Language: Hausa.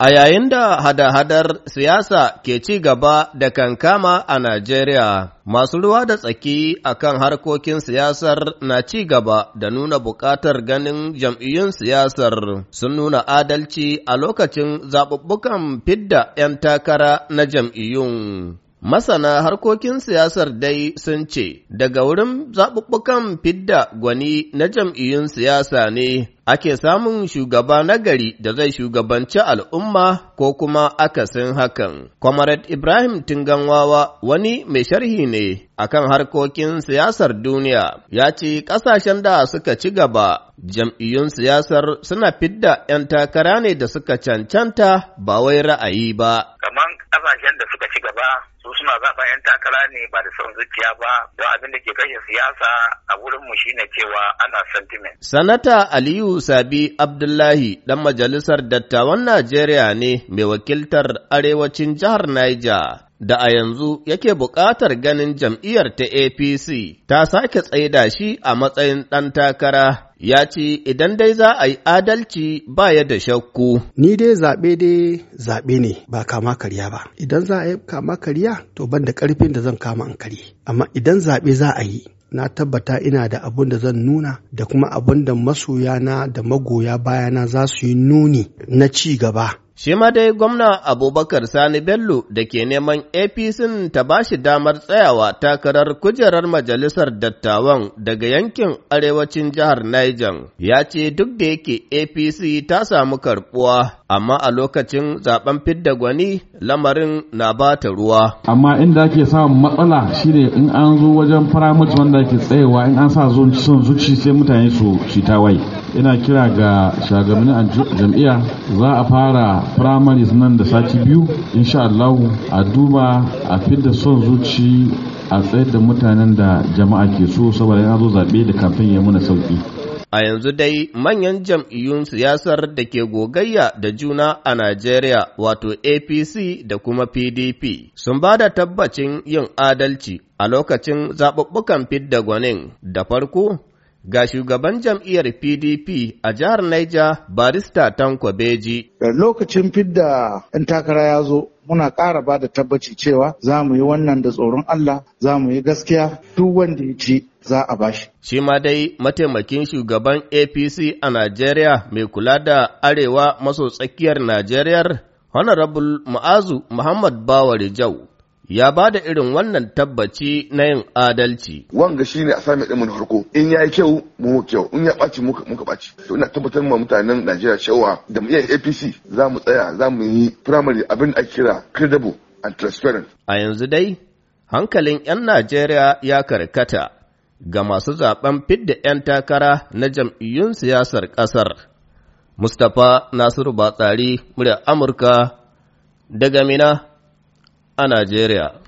A yayin da hada-hadar siyasa ke ci gaba da kankama a Najeriya, masu ruwa da tsaki a kan harkokin siyasar na ci gaba da nuna buƙatar ganin jam'iyyun siyasar sun nuna adalci a lokacin zaɓuɓɓukan fidda ‘yan takara na jam'iyyun. Masana harkokin siyasar dai sun ce, daga wurin zaɓuɓɓukan fidda gwani na jam'iyyun siyasa ne ake samun shugaba nagari da zai shugabanci al'umma ko kuma akasin hakan. Comrade Ibrahim Tunganwawa, wani mai sharhi ne a kan harkokin siyasar duniya ya ce ƙasashen da suka ci gaba jam'iyyun siyasar suna fidda ‘yan takara ne da suka cancanta ba wai ra'ayi ba. Kaman ƙasashen da suka ci gaba usman suna zaɓa 'yan takara ne ba da son zuciya ba don abin da ke kashe siyasa a mu shine cewa ana sentiment. Sanata Aliyu Sabi Abdullahi ɗan majalisar dattawan Najeriya ne mai wakiltar arewacin jihar Niger. Da a yanzu yake buƙatar ganin jam'iyyar ta APC ta sake tsaida shi a matsayin ɗan takara ya ce idan dai za a yi adalci ba ya da shakku. Ni dai zaɓe dai zaɓe ne ba kama karya ba. Idan za a yi kama karya to ban da ƙarfin da zan kama an karye. Amma idan zaɓe za a yi na tabbata ina da abun da zan nuna da kuma abun da masoya na da magoya bayana za su yi nuni na ci gaba Shi ma dai gwamna Abubakar Sani Bello da ke neman APC ta ba shi damar tsayawa takarar kujerar majalisar dattawan daga yankin arewacin jihar Niger ya ce duk da yake APC ta samu karbuwa amma a lokacin zaben fidda gwani lamarin na ba ta ruwa. Amma inda ake samun matsala shine in an zo wajen firamus wanda ake tsayawa in an sa zuci sai mutane su shi ta wai. ina kira ga a jam'iyya za a fara primaries nan da sati biyu insha Allah a duba a fidda son zuci a tsayar da mutanen da jama'a ke so saboda yana zo zaɓe da kamfen ya muna sauƙi a yanzu dai manyan jam'iyyun siyasar da ke gogayya da juna a Najeriya wato APC da kuma PDP sun ba da tabbacin yin adalci a lokacin zaɓuɓɓukan fidda gwanin da farko ga shugaban jam'iyyar PDP a jihar Niger barista Tanko Beji. Lokacin fidda 'yan takara ya zo, muna ƙara ba da tabbaci cewa za mu yi wannan da tsoron Allah, za mu yi gaskiya duk wanda ya ci za a bashi. Shi ma dai mataimakin shugaban APC a Najeriya mai kula da arewa maso tsakiyar Najeriya, Honorable Ma'azu Muhammad Bawari Jau. ya ba da irin wannan tabbaci na yin adalci. Wanga shi ne a sami ɗin na harko in ya yi kyau mu kyau in ya ɓaci muka muka ɓaci. To ina tabbatar ma mutanen Najeriya cewa da mu iya APC za mu tsaya za mu yi firamare abin da kira credible and transparent. A yanzu dai hankalin 'yan Najeriya ya karkata ga masu zaben fidda 'yan takara na jam'iyyun siyasar ƙasar. Mustapha Nasiru Batsari, murya Amurka, daga Mina. a Najeriya.